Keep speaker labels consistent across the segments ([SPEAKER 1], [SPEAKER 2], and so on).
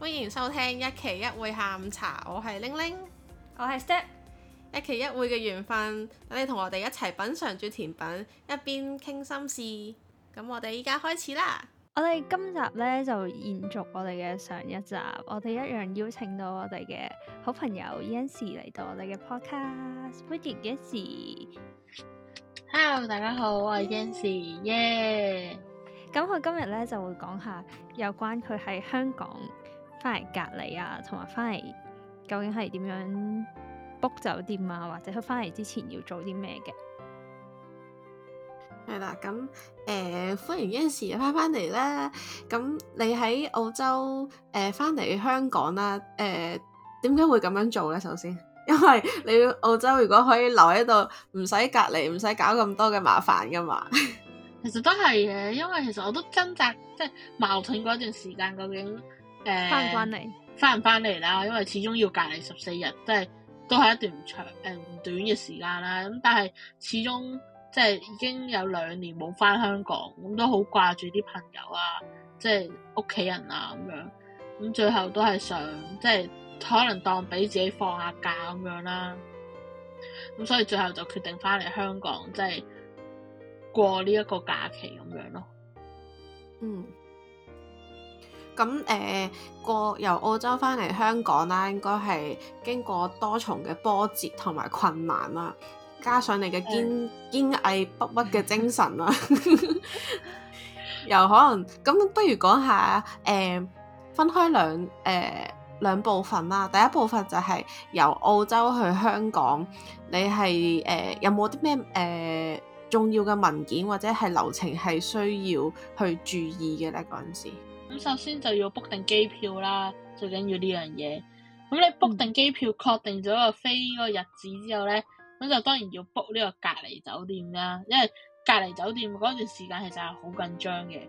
[SPEAKER 1] 歡迎收聽一期一會下午茶，我係玲玲，我係 Step，一期一會嘅緣分，等你同我哋一齊品嘗住甜品，一邊傾心事，咁我哋依家開始啦。
[SPEAKER 2] 我哋今集咧，就延續我哋嘅上一集，我哋一樣邀請到我哋嘅好朋友 Yansy 嚟到我哋嘅 Podcast。歡迎 Yansy。Hello，大家好，yeah. 我係 Yansy，yeah。耶。咁佢今日咧，就會講下有關佢喺香港返嚟隔離啊，同埋返嚟究竟係點樣 book 酒店啊，或者佢返嚟之前要做啲咩嘅。係啦，咁誒、呃，歡迎一 a s o n 翻翻嚟啦。咁你喺澳洲誒
[SPEAKER 1] 翻嚟香港啦，誒、呃，點解會咁樣做咧？首先，因為你澳洲如果可以留喺度，唔使隔離，唔使搞咁多嘅麻煩噶嘛。
[SPEAKER 3] 其實都係嘅，因為其實我都掙扎，即係矛盾嗰段時間，究竟誒翻唔翻嚟，翻唔翻嚟啦？因為始終要隔離十四日，即係都係一段不長誒唔、呃、短嘅時間啦。咁但係始終。即係已經有兩年冇翻香港，咁都好掛住啲朋友啊，即係屋企人啊咁樣，咁最後都係想即係可能當俾自己放下假咁樣啦，咁所以最後就決定翻嚟香港，即係過呢一個假期咁樣咯。嗯，
[SPEAKER 1] 咁誒、呃、過由澳洲翻嚟香港啦，應該係經過多重嘅波折同埋困難啦。加上你嘅堅堅毅不屈嘅精神啦、啊， 又可能咁，不如講下誒，分開兩誒兩部分啦。第一部分就係、是、由澳洲去香港，你係誒、呃、有冇啲咩誒重要嘅文件或者係流程係需要去注意嘅咧？嗰陣時
[SPEAKER 3] 咁，首先就要 book 定機票啦，最緊要呢樣嘢。咁你 book 定機票，確、嗯、定咗個飛個日子之後咧？咁就當然要 book 呢個隔離酒店啦，因為隔離酒店嗰段時間其實係好緊張嘅，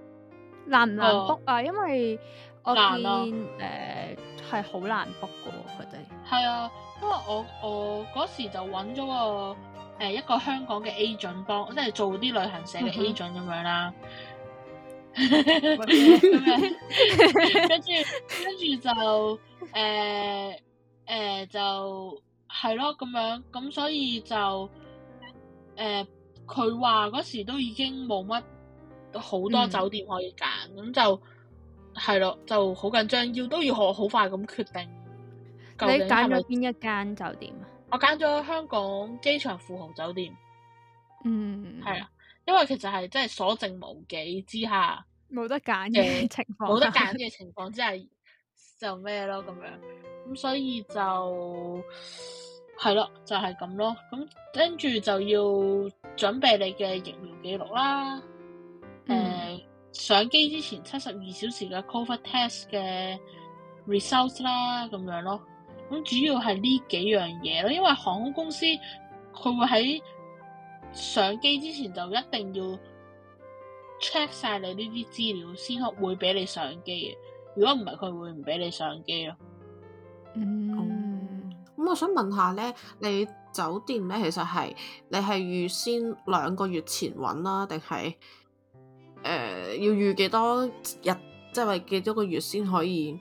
[SPEAKER 3] 難唔
[SPEAKER 2] 難 book 啊？Oh, 因為我難啊，誒係好難 book
[SPEAKER 3] 嘅，佢哋係啊，因為我我嗰時就揾咗個誒、呃、一個香港嘅 agent 幫，即係做啲旅行社嘅 agent 咁樣啦，咁樣跟住跟住就誒誒就。呃呃就係咯，咁樣咁所以就誒，佢話嗰時都已經冇乜，好多酒店可以揀，咁、嗯、就係咯，就好緊張，要都要學好快咁決定
[SPEAKER 2] 是是。你揀咗邊一間酒店啊？
[SPEAKER 3] 我揀咗香港機場富豪酒店。嗯，
[SPEAKER 2] 係
[SPEAKER 3] 因為其實係真係所剩無幾之下的，
[SPEAKER 2] 冇得揀嘅情況，冇得揀嘅情況
[SPEAKER 3] 之下。就咩咯咁樣，咁所以就係、就是、咯，就係咁咯。咁跟住就要準備你嘅疫苗記錄啦，誒、嗯呃，上機之前七十二小時嘅 COVID test 嘅 results 啦，咁樣咯。咁主要係呢幾樣嘢咯，因為航空公司佢會喺上機之前就一定要 check 晒你呢啲資料，先會會俾你上機嘅。如果唔係，佢會唔俾你上機
[SPEAKER 1] 咯。嗯，咁、oh. 我想問下咧，你酒店咧，其實係你係預先兩個月前揾啦，定係誒要預幾多日，即係話幾多個月先可以？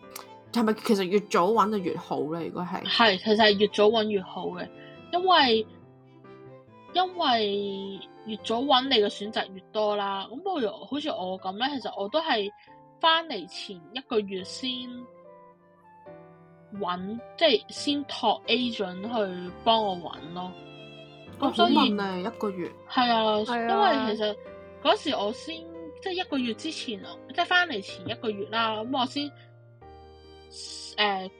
[SPEAKER 3] 係咪其實越早揾就越好咧？如果係，係其實係越早揾越好嘅，因為因為越早揾你嘅選擇越多啦。咁不如好像我好似我咁咧，其實我都係。翻嚟前一個月先揾，即係先託 agent 去幫我揾咯。咁所以係一個月係啊，啊，因為其實嗰時我先即係一個月之前啊，即係翻嚟前一個月啦。咁我先誒、呃、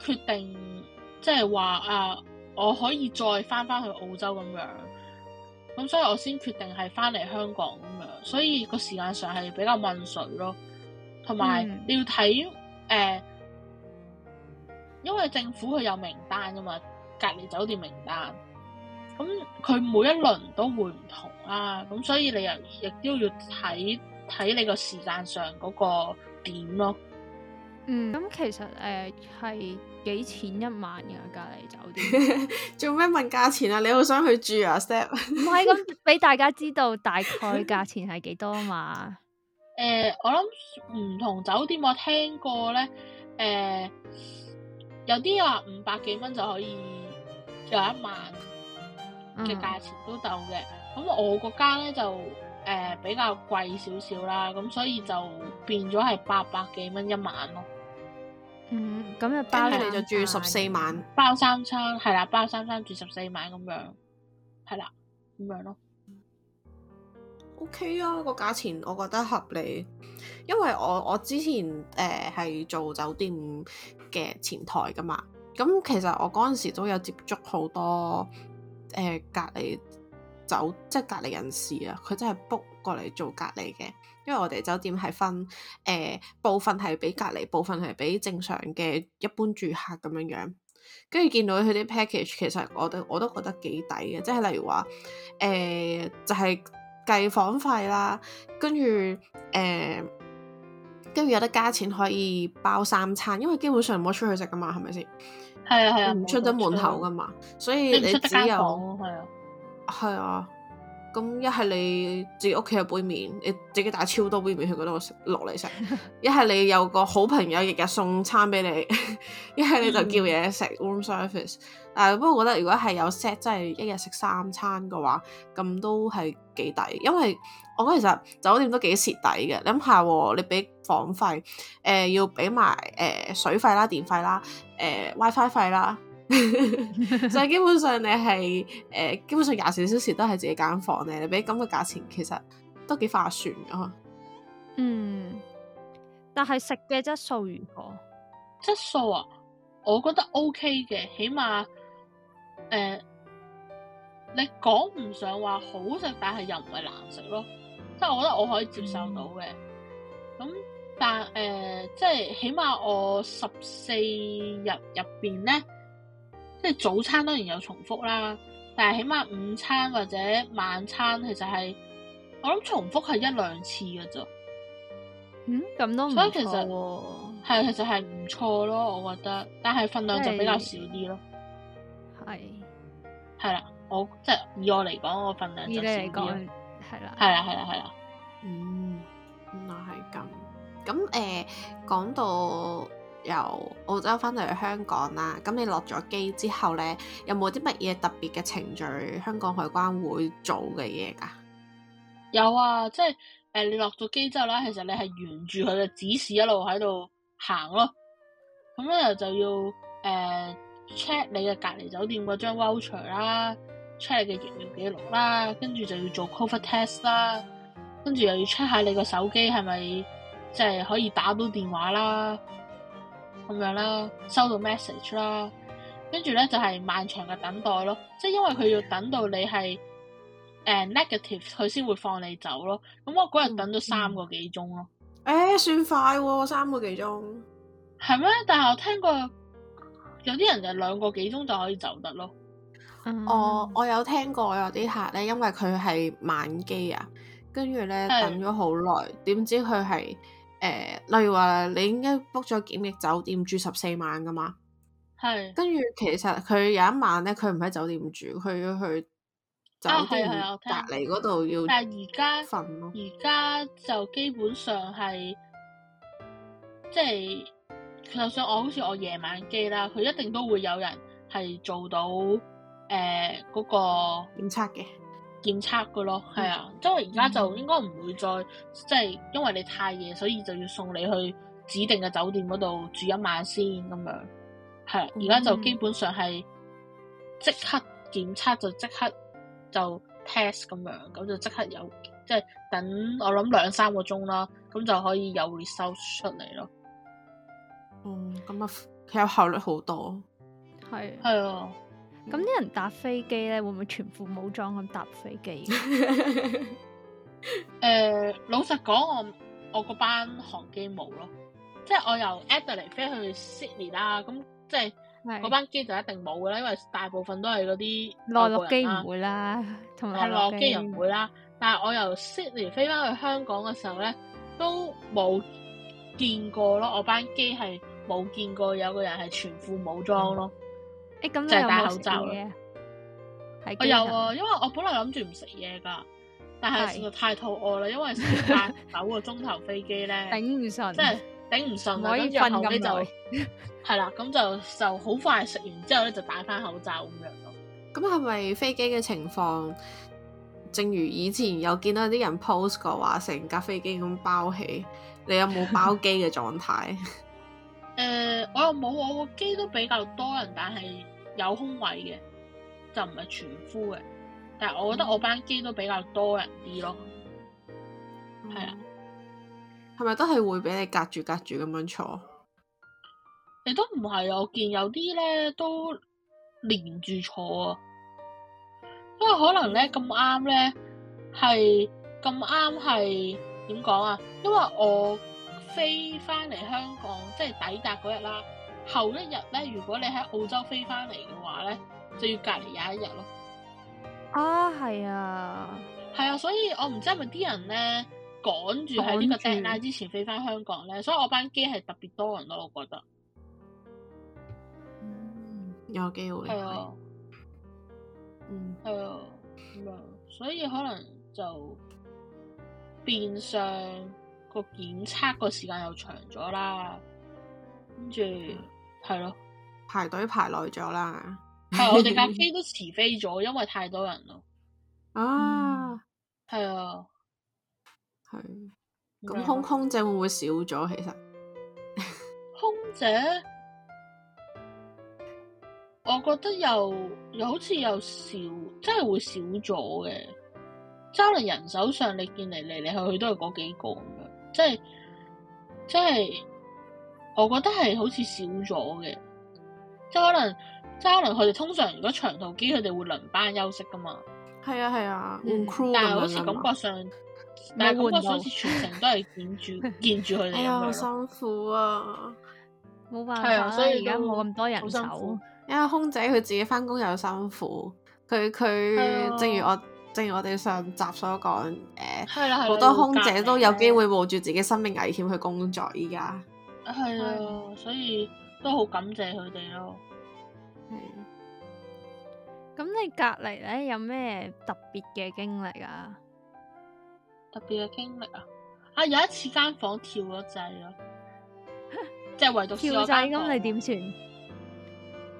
[SPEAKER 3] 決定，即係話、啊、我可以再翻翻去澳洲咁樣。咁所以我先決定係翻嚟香港咁樣，所以個時間上係比較問水咯。同埋、嗯、你要睇誒、呃，因為政府佢有名單㗎嘛，隔離酒店名單。咁佢每一輪都會唔同啦、啊，咁所以你又亦都要睇睇你個時間上嗰個點咯。嗯，
[SPEAKER 2] 咁其實誒係、呃、幾錢一晚嘅、啊、隔離酒店？做 咩問價錢啊？你好想去住啊？set 唔係咁俾大家知道大概價錢係幾多嘛？
[SPEAKER 3] 誒、呃，我諗唔
[SPEAKER 2] 同酒店我聽過咧，
[SPEAKER 3] 誒、呃、有啲話五百幾蚊就可以有一晚嘅價錢都夠嘅，咁、嗯、我嗰間咧就誒、呃、比較貴少少啦，咁所以就變咗係八百幾蚊一晚咯。嗯，咁就包你就
[SPEAKER 1] 住十四晚，
[SPEAKER 3] 包三餐係啦，包三餐住十四晚咁樣，係啦咁樣咯。OK 啊，個價
[SPEAKER 1] 錢我覺得合理，因為我我之前誒係、呃、做酒店嘅前台㗎嘛，咁其實我嗰陣時都有接觸好多誒、呃、隔離酒，即係隔離人士啊，佢真係 book 過嚟做隔離嘅，因為我哋酒店係分誒、呃、部分係俾隔離，部分係俾正常嘅一般住客咁樣樣，跟住見到佢啲 package，其實我都我都覺得幾抵嘅，即係例如話誒、呃、就係、是。計房費啦，跟住誒，跟住有得加錢可以包三餐，因為基本上唔好出去食噶嘛，係咪先？係啊係啊，唔出得門口噶嘛，所以你只有係啊係啊，咁一係你自己屋企有杯麵，你自己打超多杯麵去嗰度落嚟食；一係 你有個好朋友日日送餐俾你；一係你就叫嘢食 room service。誒不過我覺得如果係有 set 真係一日食三餐嘅話，咁都係幾抵，因為我覺得其實酒店都幾蝕底嘅。你諗下，你俾房費，誒、呃、要俾埋誒水費啦、電費啦、誒、呃、WiFi 費啦，就 係 基本上你係誒、呃、基本上廿四小時都係自己間房嘅，你俾咁嘅價錢其實都幾划算嘅。嗯，
[SPEAKER 2] 但係食嘅質素如何？
[SPEAKER 3] 質素啊，我覺得 OK 嘅，起碼。誒、呃，你講唔上話好食，但係又唔係難食咯，即係我覺得我可以接受到嘅。咁、嗯、但誒、呃，即係起碼我十四日入邊咧，即係早餐當然有重複啦，但係起碼午餐或者晚餐其實係我諗重複係一兩次嘅啫。
[SPEAKER 2] 嗯，
[SPEAKER 3] 咁都唔錯。所以其實係其實係唔錯咯，我覺得。但係份量就比較少啲咯。係。係啦，我即係以我嚟講，我份量就少了一。以
[SPEAKER 1] 你嚟講，係啦，係啦，係啦，係啦。嗯，原來係咁。咁誒，講、呃、到由澳洲翻嚟香港啦，咁你落咗機之後咧，有冇啲乜嘢特別嘅程序？香港海關會做嘅嘢噶？
[SPEAKER 3] 有啊，即係誒、呃，你落咗機之後咧，其實你係沿住佢嘅指示一路喺度行咯。咁咧，就就要誒。呃 check 你嘅隔離酒店嗰張 voucher 啦，check 你嘅疫苗記錄啦，跟住就要做 COVID test 啦，跟住又要 check 下你個手機係咪即係可以打到電話啦，咁樣啦，收到 message 啦，跟住咧就係漫長嘅等待咯，即係因為佢要等到你係誒、嗯呃、negative，佢先會放你走咯。咁我嗰日等咗三個幾鐘咯，誒、嗯欸，算快喎，三個幾鐘係咩？但係我聽過。有啲人就兩個幾鐘就可以走得咯。我
[SPEAKER 1] 我有聽過有啲客咧，因為佢係晚機啊，跟住咧等咗好耐，點知佢係誒，例如話你應該 book 咗檢疫酒店住十四晚噶嘛，
[SPEAKER 3] 係。
[SPEAKER 1] 跟住其實佢有一晚咧，佢唔喺酒店住，佢要去
[SPEAKER 3] 酒店隔籬嗰度要但現在。但係而家瞓咯。而家就基本上係即係。就是就算我好似我夜晚機啦，佢一定都會有人係做到誒嗰、呃那個檢測嘅檢測嘅咯，係啊、嗯，因為而家就應該唔會再即係、就是、因為你太夜，所以就要送你去指定嘅酒店嗰度住一晚先咁樣。係、啊、而、嗯、家就基本上係即刻檢測就即刻就 test 咁樣，咁就即刻有即係、就是、等我諗兩三個鐘啦，咁就可以有 result 出嚟咯。嗯，
[SPEAKER 1] 咁啊，佢有效率好多，
[SPEAKER 2] 係係啊，咁啲人搭飛機咧，會唔會全副武裝咁搭飛機嘅？誒，
[SPEAKER 3] 老實講，我我嗰班航機冇咯，即係我由 Adelaide 飛去 Sydney 啦，咁即係嗰班機就一定冇噶啦，因為大部分都係嗰啲內陸機唔會
[SPEAKER 2] 啦，同埋內陸機唔
[SPEAKER 3] 會啦，但係我由 Sydney 飛翻去香港嘅時候咧，都冇見過咯，我班機係。冇見過有個人係全副武裝咯，欸、有有就戴口罩
[SPEAKER 2] 嘅？係。我有啊，因
[SPEAKER 3] 為我本嚟諗住唔食嘢噶，
[SPEAKER 2] 但係實在是
[SPEAKER 3] 太肚餓啦，因為成架九個鐘頭飛機咧，頂唔順，即係頂唔順。我已瞓咁就，係啦，咁 就很就好快食完之後咧，就戴翻口罩咁樣咯。咁係咪
[SPEAKER 1] 飛機嘅情況，正如以前有見到啲人 post 過的話，成架飛機咁包起，你有冇包機嘅狀態？
[SPEAKER 3] 誒、呃，我又冇，我個機都比較多人，但係有空位嘅，就唔係全呼嘅。但係我覺得我班機都比較多人啲咯，係、
[SPEAKER 1] 嗯、啊，係咪都係會俾你隔住隔住咁樣坐？
[SPEAKER 3] 亦都唔係啊，我見有啲咧都連住坐啊，因為可能咧咁啱咧係咁啱係點講啊？因為我。飛翻嚟香港，即係抵達嗰日啦。後一日咧，如果你喺澳洲飛翻嚟嘅話咧，就要隔離廿一日咯。啊，係啊，係啊，所以我唔知係咪啲人咧趕住喺呢個 deadline 之前飛翻香港咧，所以我班機係特別多人咯，我覺得。有機會係啊，嗯係啊咁、嗯、啊、嗯，所以可能就變相。個檢測個時間又長咗啦，跟住係
[SPEAKER 1] 咯，排隊排耐咗啦，
[SPEAKER 3] 係我哋架飛機都遲飛咗，因為太多人咯。啊，係、嗯、啊，
[SPEAKER 1] 係。
[SPEAKER 3] 咁空
[SPEAKER 1] 空姐會唔會少咗？其實
[SPEAKER 3] 空姐，我覺得又又好似又少，真係會少咗嘅。揸嚟人手上，你見嚟嚟嚟去去都係嗰幾個。即係即係，我覺得係好似少咗嘅，即係可能，即係可能佢哋通常如果長途機，佢哋會輪班休息噶嘛。
[SPEAKER 1] 係啊係啊，換 crew 但係好似感覺
[SPEAKER 3] 上，但係感覺好似全程都
[SPEAKER 1] 係見住見住佢哋咁樣係啊，哎，好辛苦啊，冇辦法啦，啊。所以而家冇咁
[SPEAKER 2] 多人手，
[SPEAKER 1] 因為空姐，佢自己返工又辛苦，佢佢，啊，正如我。正如我哋上集所講，誒，好多空姐都，都有機會冒住自己生命危險去工作現在。依家
[SPEAKER 3] 係啊，所以都好感謝佢哋咯。係，
[SPEAKER 2] 咁你隔離咧有咩特別嘅經歷啊？特別嘅經歷啊？啊，有一次間房跳咗掣啊， 即係唯獨跳掣咁，你點算？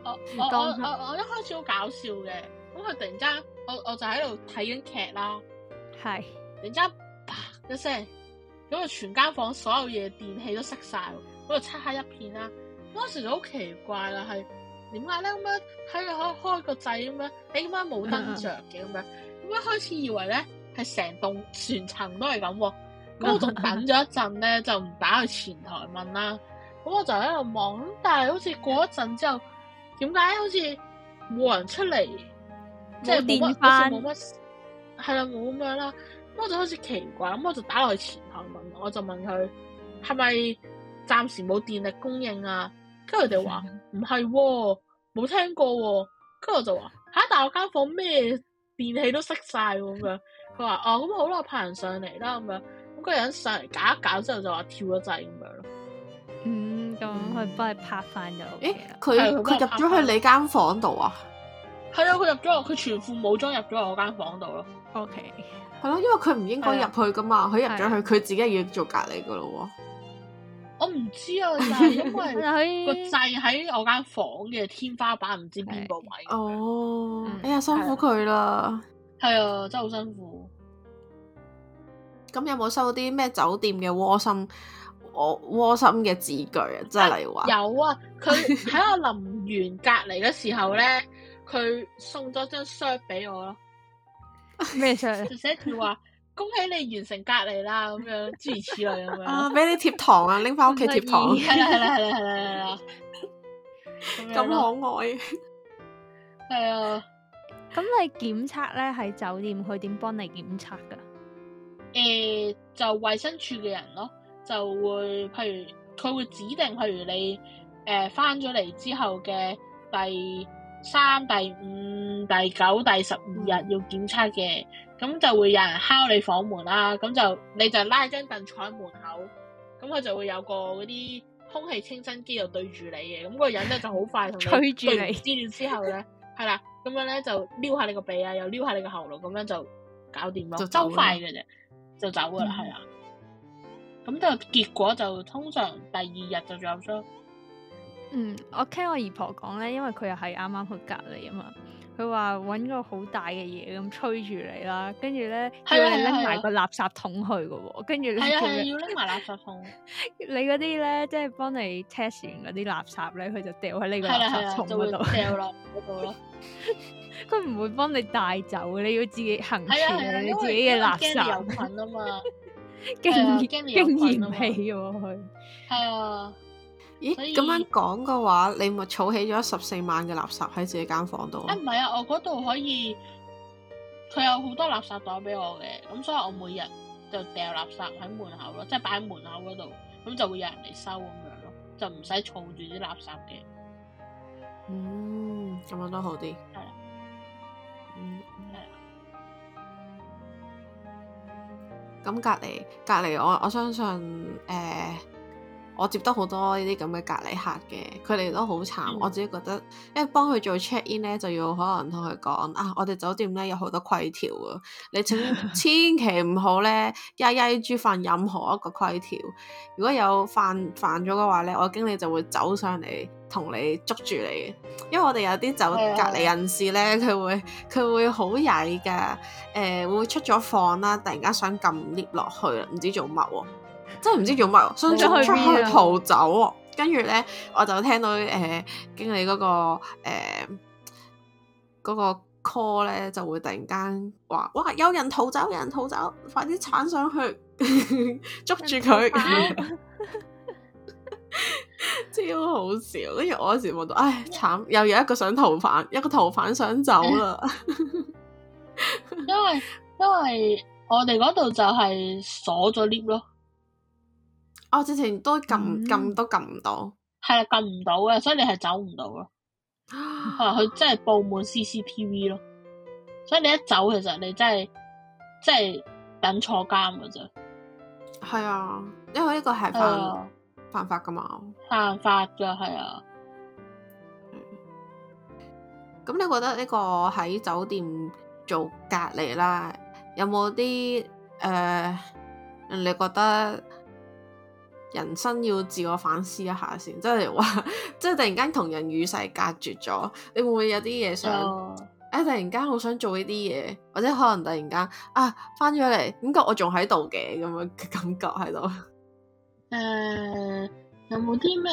[SPEAKER 3] 我我我我，我一開始好搞笑嘅。咁佢突然間，我我就喺度睇緊劇啦。係，突然間啪一聲，咁啊，全間房間所有嘢電器都熄晒，嗰度漆黑一片啦。嗰時就好奇怪啦，係點解咧？咁樣喺度開開個掣咁樣，你點解冇燈着嘅？咁、啊啊、樣咁一開始以為咧係成棟全層都係咁、啊。咁我仲等咗一陣咧， 就唔打去前台問啦。咁我就喺度望，但係好似過一陣之後，點解好似冇人出嚟？即係冇乜，好似冇乜，係啦，冇咁樣啦。咁我就開始奇怪，咁我就打落去前台問，我就問佢係咪暫時冇電力供應啊？跟住佢哋話唔係，冇、嗯、聽過。跟住我就話吓，但我間房咩電器都熄晒喎，咁樣。佢話哦，咁好啦，派人上嚟啦，咁樣。咁個人上嚟搞一搞之後就話跳咗掣咁樣咯。嗯，咁佢幫你拍翻咗。誒、欸，佢佢入
[SPEAKER 1] 咗去你間房度啊？
[SPEAKER 3] 係啊，佢入咗，佢全副武裝入咗我間房度咯。O K，
[SPEAKER 1] 係咯，因為佢唔應該入去噶嘛，佢入咗去，佢自己要做隔離噶咯。我
[SPEAKER 3] 唔知啊，就係因為個掣喺我間房嘅天花板，唔知邊個位。哦、oh, 嗯，哎呀，辛苦佢啦。係啊，真係好辛苦。
[SPEAKER 1] 咁有冇收啲咩酒店嘅窩心窩窩心嘅字句啊？即係例如話有
[SPEAKER 3] 啊，佢喺我臨完隔離嘅時候咧。 佢送咗張相俾我咯，咩相？就寫住話恭喜你完成隔離啦，咁樣諸如此類咁，啊啊、
[SPEAKER 1] 樣，俾你貼堂啊，拎翻屋企貼堂。係啦係啦係啦
[SPEAKER 3] 係啦係啦，咁
[SPEAKER 2] 可愛。係啊，咁你檢測咧喺酒店，佢點幫你檢測噶？誒、欸，就
[SPEAKER 3] 衛生署嘅人咯，就會，譬如佢會指定，譬如你誒翻咗嚟之後嘅第三、第五、第九、第十二日要檢測嘅，咁就會有人敲你房門啦，咁就你就拉一張凳坐喺門口，咁佢就會有個嗰啲空氣清新機就對住你嘅，咁、個人咧就好快同吹住你，之後咧係啦，咁樣咧就撩下你個鼻啊，又撩下你個喉嚨，咁樣就搞掂囉，就周快嘅啫，就走噶啦，係啊，咁、嗯、就結果就通常第二日就仲有出。
[SPEAKER 2] 嗯，我聽我姨婆講咧，因為佢又係啱啱去隔離啊嘛，佢話搵個好大嘅嘢咁吹住你啦，跟住咧叫你拎埋個垃圾桶去噶喎，跟住係啊要拎埋垃圾桶。你嗰啲咧，即係幫你 test 完嗰啲垃圾咧，佢就掉喺你個垃圾桶嗰度。係啦，就掉落嗰度咯。佢唔 會幫你帶走，你要自己行前是的是的你自己嘅垃圾。經驗啊嘛，經經驗氣我去，係
[SPEAKER 3] 啊。咦，咁樣
[SPEAKER 2] 講
[SPEAKER 1] 嘅話，你咪儲起咗十四萬嘅垃圾喺自己間房度啊？唔
[SPEAKER 3] 係啊，我嗰度可以，佢有好多垃圾袋畀我嘅，咁所以我每日就掉垃圾喺門口咯，即係擺喺門口嗰度，咁就會有人嚟收咁樣咯，就唔使儲住啲垃圾嘅。嗯，
[SPEAKER 1] 咁樣都好啲。係啦。嗯，係啦。咁隔籬，隔籬，我我相信，誒、欸。我接得好多呢啲咁嘅隔離客嘅，佢哋都好慘。我自己覺得，因為幫佢做 check in 咧，就要可能同佢講啊，我哋酒店咧有好多規條啊，你請千祈唔好咧，曳曳住犯任何一個規條。如果有犯犯咗嘅話咧，我經理就會走上嚟同你捉住你。因為我哋有啲酒店隔離人士咧，佢會佢會好曳噶，誒、呃、會出咗房啦，突然間想撳 lift 落去啦，唔知做乜喎。真係唔知做乜，想出去逃走。跟住咧，我就聽到誒、呃，經理嗰、那個誒，呃嗰個 call 咧就會突然間話：哇，有人逃走，有人逃走，快啲鏟上去捉 住佢， 超好笑。跟住我嗰時望到，唉、哎，慘，又有一個想逃犯，一個逃犯想走啦、嗯
[SPEAKER 3] 因為因為我哋嗰度就係鎖咗 lift 咯。我、哦、之前都撳撳、嗯、都撳唔到，係啊，撳唔到嘅，所以你係走唔到咯。 啊，佢真係布滿 CCTV 咯，所以你一走，其實你真係真係等坐監噶啫。係啊，因為呢個係犯是、啊、
[SPEAKER 1] 犯法噶嘛，
[SPEAKER 3] 犯法噶係啊。
[SPEAKER 1] 咁、嗯、你覺得呢個喺酒店做隔離啦，有冇啲誒，你覺得？人生要自我反思一下先，即係話，即係突然間同人與世隔絕咗，你會唔會有啲嘢想？誒、oh. 哎，突然間好想做呢啲嘢，或者可能突然間啊，翻咗嚟，點解我仲喺度嘅咁樣嘅感覺喺度？誒、
[SPEAKER 3] uh，有冇啲咩？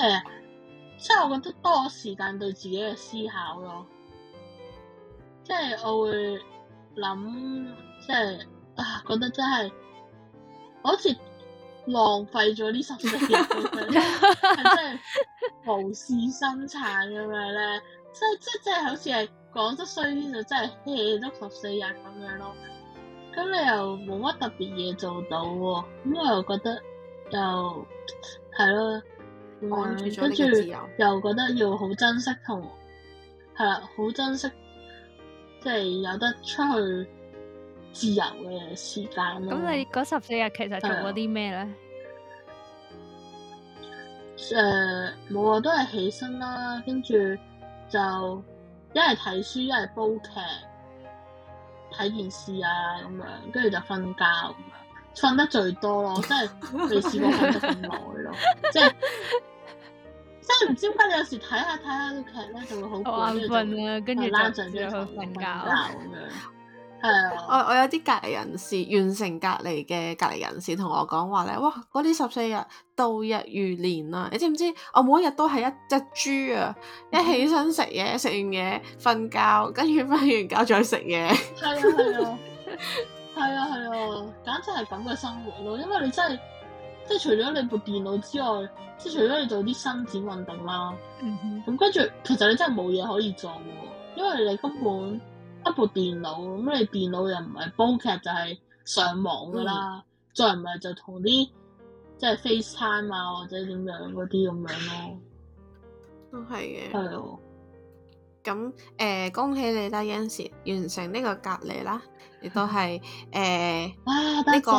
[SPEAKER 3] 即係我覺得多咗時間對自己嘅思考咯，即係我會諗，即係啊，覺得真係，好似。浪費咗呢十四日，係 真係無事生產咁樣咧， 即係即係即係好似係講得衰啲就真係 hea 咗十四日咁樣咯。咁你又冇乜特別嘢做到喎、哦，咁我又覺得又係咯，跟住、嗯、又覺
[SPEAKER 2] 得要好珍惜同係啦，好珍惜即係、就是、有得出去。自由嘅時間咁，咁你嗰十四日其實做咗啲咩
[SPEAKER 3] 咧？誒，冇、呃、啊，都係起身啦，跟住就一係睇書，一係煲劇，睇電視啊咁樣，跟住就瞓覺咁樣，瞓得最多咯，真係未試過瞓得咁耐
[SPEAKER 2] 咯，即係
[SPEAKER 3] 真係唔知點解你有時睇下睇下啲劇咧就會好攰啊，跟住就就要去瞓覺
[SPEAKER 2] 咁樣。
[SPEAKER 1] 誒、啊，我我有啲隔離人士完成隔離嘅隔離人士同我講話咧，哇，嗰啲十四日度日如年啊！你知唔知？我每一日都係一隻豬啊！一起身食嘢，食完嘢瞓覺，跟住瞓完覺再食嘢。
[SPEAKER 3] 係啊係啊，係啊係啊，啊，啊，簡直係咁嘅生活咯。因為你真係，即係除咗你部電腦之外，即係除咗你做啲伸展運動啦。
[SPEAKER 2] 嗯
[SPEAKER 3] 哼，咁跟住，其實你真係冇嘢可以做，因為你根本。一部電腦，咁你電腦又唔係煲劇就係、是、上網噶啦、嗯，再唔係就同啲即係 FaceTime 啊或者點樣嗰啲咁樣咯，
[SPEAKER 1] 都係嘅。係、哎、哦，咁誒、呃，恭喜你啦，Yansy 完成呢個隔離啦，亦都係誒呢個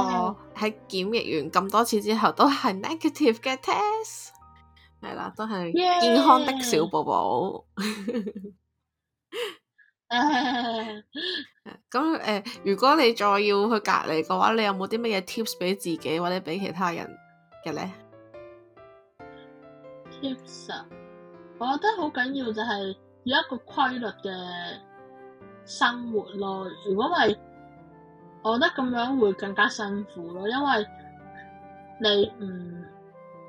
[SPEAKER 1] 喺檢 疫完咁多次之後都係 negative 嘅 test，係啦，都係健康的小寶寶。Yeah! 咁 誒、呃，如果你再要去隔離嘅話，你有冇啲乜嘢 tips 俾自己或者俾其他人嘅咧
[SPEAKER 3] ？tips，、啊、我覺得好緊要就係要一個規律嘅生活咯。如果係，我覺得咁樣會更加辛苦咯。因為你唔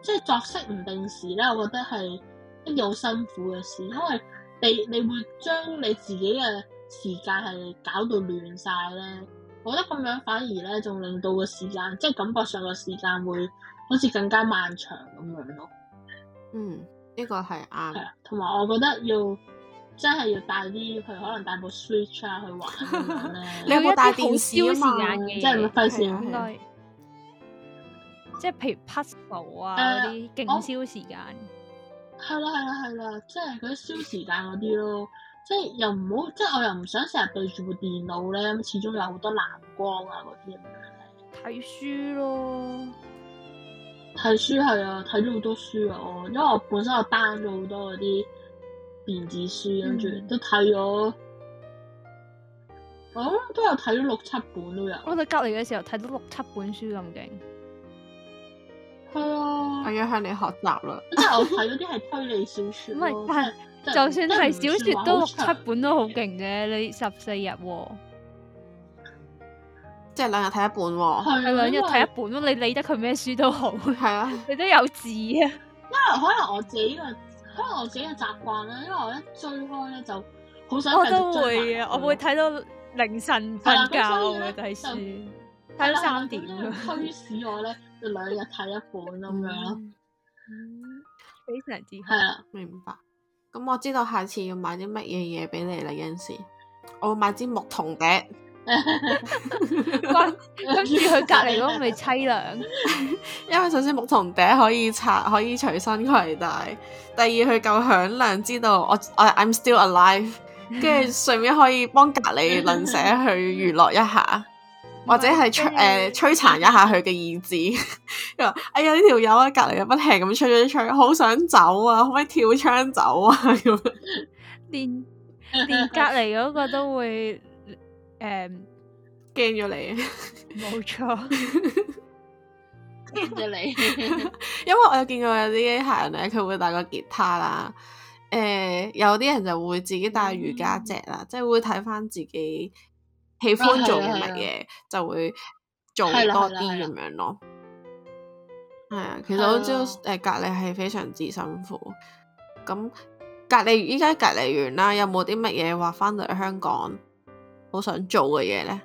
[SPEAKER 3] 即係作息唔定時咧，我覺得係一有辛苦嘅事，因為。你你會將你自己嘅時間係搞到亂晒咧？我覺得咁樣反而咧，仲令到個時間，即係感覺上個時間會好似更加漫長咁樣咯。嗯，呢個係啱。係啊，同埋我覺得要真係要帶啲，譬如可能帶一部 Switch 啊去玩 你有冇啲好消時間嘅即係費
[SPEAKER 2] 事嘢？即係譬如 Puzzle 啊，嗰啲勁消時間。Uh, oh, 係啦、啊，係啦、啊，係啦、
[SPEAKER 3] 啊，即係佢消時間嗰啲咯，即係又唔好，即係我又唔想成日對住部電腦咧，始終有好多藍光啊嗰啲咁嘅。
[SPEAKER 2] 睇書咯，
[SPEAKER 3] 睇書係啊，睇咗好多書啊，我因為我本身我 down 咗好多嗰啲電子書，跟住
[SPEAKER 2] 都睇咗，我、嗯啊、都有睇咗六七本都有。我哋隔離嘅時候睇咗六七本書咁勁。係啊，等於向你學習啦！即係我睇嗰啲係推理小說，唔 係，但係就算係小說都六七本都好勁嘅，你十四日即
[SPEAKER 1] 係兩日睇一本，係兩日睇一
[SPEAKER 2] 本，你理得佢咩書都好，係啊，你都有字啊。因為可能我自己嘅，可能我自己個習慣啦。因為我一追開咧，就好想我都會、啊、我會睇到凌晨瞓覺，我睇書，睇、啊、到三點了驅使
[SPEAKER 3] 我咧。 兩日睇一款咁樣，非常之
[SPEAKER 1] 係啊！明白。咁我知道下次要買啲乜嘢嘢俾你啦，Yansy。我買支木桶笛，
[SPEAKER 2] 關 跟住佢隔籬嗰個
[SPEAKER 1] 咪淒涼。 因為首先木桶笛可以拆，可以隨身攜帶；第二佢夠響亮，知道我我 I'm still alive，跟住順便可以幫隔籬鄰舍去娛樂一下。或者係吹誒摧、呃、殘一下佢嘅意志，又話：哎呀，呢條友喺隔離不停咁吹吹吹，好想走啊！可唔可以跳窗走
[SPEAKER 2] 啊？連連隔離嗰個都會誒驚咗你，冇錯驚
[SPEAKER 3] 咗 你。
[SPEAKER 1] 因為我有見過有啲客人咧，佢會帶個吉他啦，誒、呃、有啲人就會自己帶瑜伽墊啦，嗯、即係會睇翻自己。喜歡做嘅嘢就會做多啲咁樣咯。係啊，啊，啊，啊，啊，啊，啊，啊，啊，其實我知道誒，隔離係非常之辛苦。咁隔離依家隔離完啦，有冇啲乜嘢話翻到嚟香港好想
[SPEAKER 3] 做嘅嘢咧？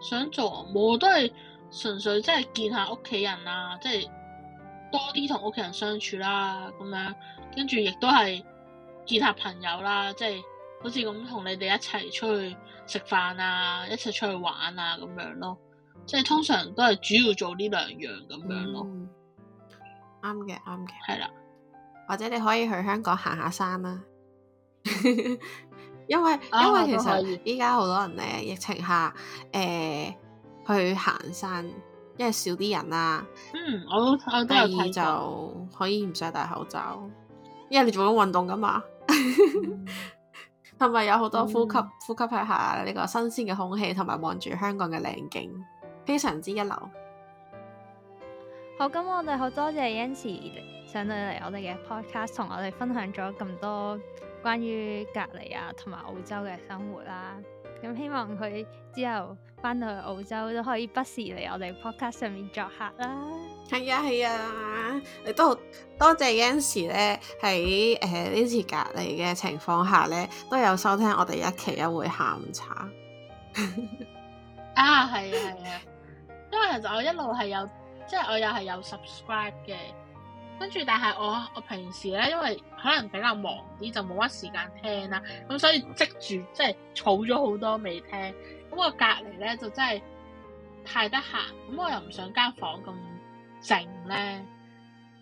[SPEAKER 3] 想做，我都係純粹即係見下屋企人啊，即係多啲同屋企人相處啦，咁樣跟住亦都係見下朋友啦，即係。好似咁同你哋一齊出去食飯啊，一齊出去玩啊咁樣咯，即係通常都係主要做呢兩樣咁樣咯。啱、嗯、嘅，啱嘅，係啦。
[SPEAKER 1] 或者你可以去香港行下山啦，啊， 因為、啊、因為其實依家好多人咧，疫情下誒、呃、去行山，因為少啲人啊。嗯，我都得都有就可以唔使戴口罩，因為你做緊運動噶嘛。 嗯係咪有好多呼吸，嗯、呼吸一下呢個新鮮嘅空氣，同埋望住香港嘅靚景，非常之一
[SPEAKER 2] 流。好，咁我哋好多謝 Yansy 上到嚟我哋嘅 podcast，同我哋分享咗咁多關於隔離啊，同埋澳洲嘅生活啦。咁希望佢之後翻到去澳洲都可以不時嚟我哋 podcast 上面作客啦。
[SPEAKER 1] 係啊係啊，你都好多謝 Yansy 咧，喺誒呢次隔離嘅情況下咧，都有收聽我哋一期一會下午茶。
[SPEAKER 3] 啊，係啊係啊，啊 因為其實我一路係有，即、就、係、是、我又係有 subscribe 嘅。跟住，但係我我平時咧，因為可能比較忙啲，就冇乜時間聽啦。咁所以積住，即係儲咗好多未聽。咁我隔離咧就真係太得閒，咁我又唔想間房咁靜咧。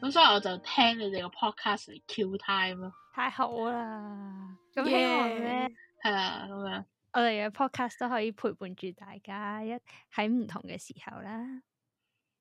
[SPEAKER 3] 咁所以我就聽你哋個
[SPEAKER 2] podcast《嚟 Q Time》咯。太好啦！咁希望咧，係、yeah. 啊，咁樣，我哋嘅 podcast 都可以陪伴住大家一喺唔同嘅時候啦。